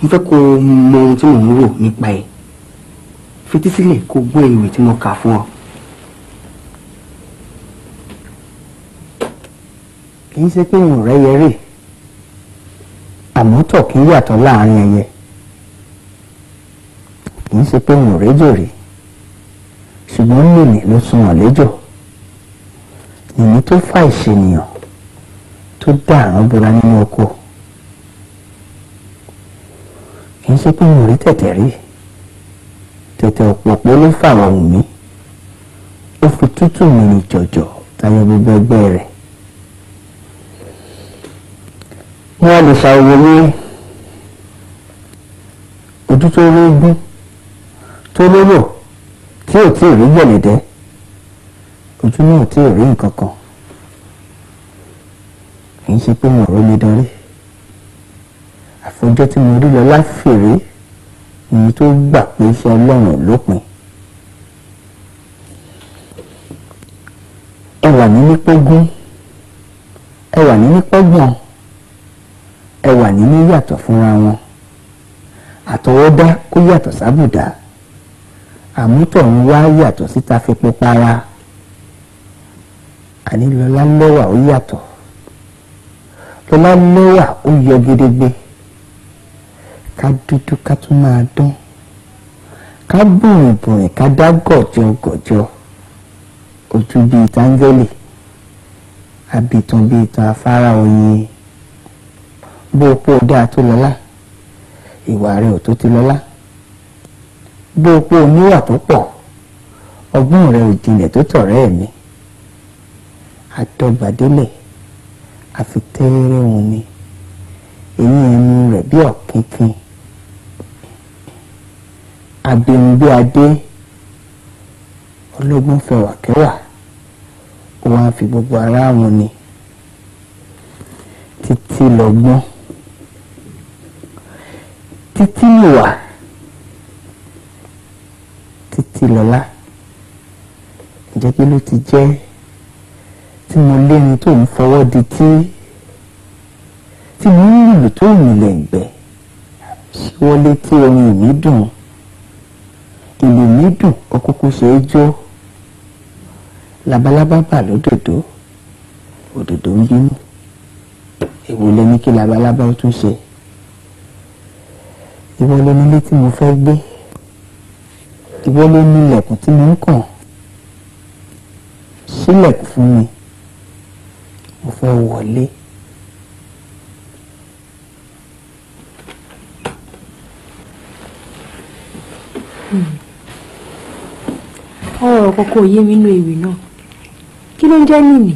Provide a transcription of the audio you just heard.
mo fẹ́ kó mọ ohun tí mò ń rò nípa ẹ̀ fetí sílẹ̀ kó gbọ́ ìwé tí mo kà fún ọ. kì í ṣe pé ìwọ̀n rẹ yẹrè àmọ́ tọ̀ kì í yàtọ̀ láàrin ẹyẹ kì í ṣe pé ìwọ̀n rẹ jèrè ṣùgbọ́n lèmi ló sunwọ̀n lẹ́jọ́ nìyí tó fà ìṣènìyàn tó dàrán bora nínú oko kì í ṣe pé mo rí tẹ̀tẹ̀ rí tẹ̀tẹ̀ òpòpó ló fàwọn wù mí ó fi tútù mi ní jọ̀jọ̀ tayọ gbogbo ẹgbẹ́ rẹ̀ ní àlùfà owó mi ojú tó rí gún tó lérò tí ò tí ì rí gbẹ̀lẹ̀dẹ́ ojú náà tí ì rí nǹkan kan kì í ṣe pé mo rò lè darí ọjọ́ tí mo rí lọ láfèrè èyí tó gbà pé iṣẹ́ ọlọ́run lópin. ẹ wà ní nípógún ẹ wà ní nípọ́gbọ̀n ẹ wà ní níyàtọ̀ fúnra wọn àtọwọ́dá kó yàtọ̀ sábùdá àmútọ̀run wá yàtọ̀ síta fi pípara àní lọ́lá lẹ́wà ó yàtọ̀ lọ́lá lẹ́wà ó yọ gedegbe. ka dúdú ka tún máa dán ká bùrìn bùrìn ká dá gọ̀jọ gọ̀jọ ojú bíi táńgẹ́lì àbìtàn bí ìtàn afárá oyin bó o dáa tó lọ́lá ìwà rẹ̀ ò tó ti lọ́lá bó o níwà tó pọ̀ ọgbọ́n rẹ̀ ò jinlẹ̀ tó tọ̀rẹ́ ẹ̀ mi ni èyí ẹnu rẹ̀ bí ọ̀kínkín. abímbí adé ọlọ́gbọ́n fẹwàkẹwà ó wá fi gbogbo ara àwọn ni títí lọ́gbọ́n títí lùwà títí lọ́lá ǹjẹ́ kí ló ti jẹ́ tí mo léni tó ń fọwọ́ di tí tí mo ń lùlù tó ń lùlẹ̀ ń gbẹ ṣíwọ́lé tí orin mi dùn ìlù mi dùn ọkùnkùn ṣe é jó labalábá bà lódòdó òdòdó ń bínú èwo lè ní kí labalábá ó tún ṣe ìwọ ló nílé tí mo fẹ́ gbé ìwọ ló ní ilẹ̀kùn tí mo ń kàn sílẹ̀kùn fún mi mo fẹ́ wọlé. Mm-hmm ọ̀rọ̀ kọ̀ọ̀kan ò yé mi nínú ewì náà kí ló ń jẹ́ nìní.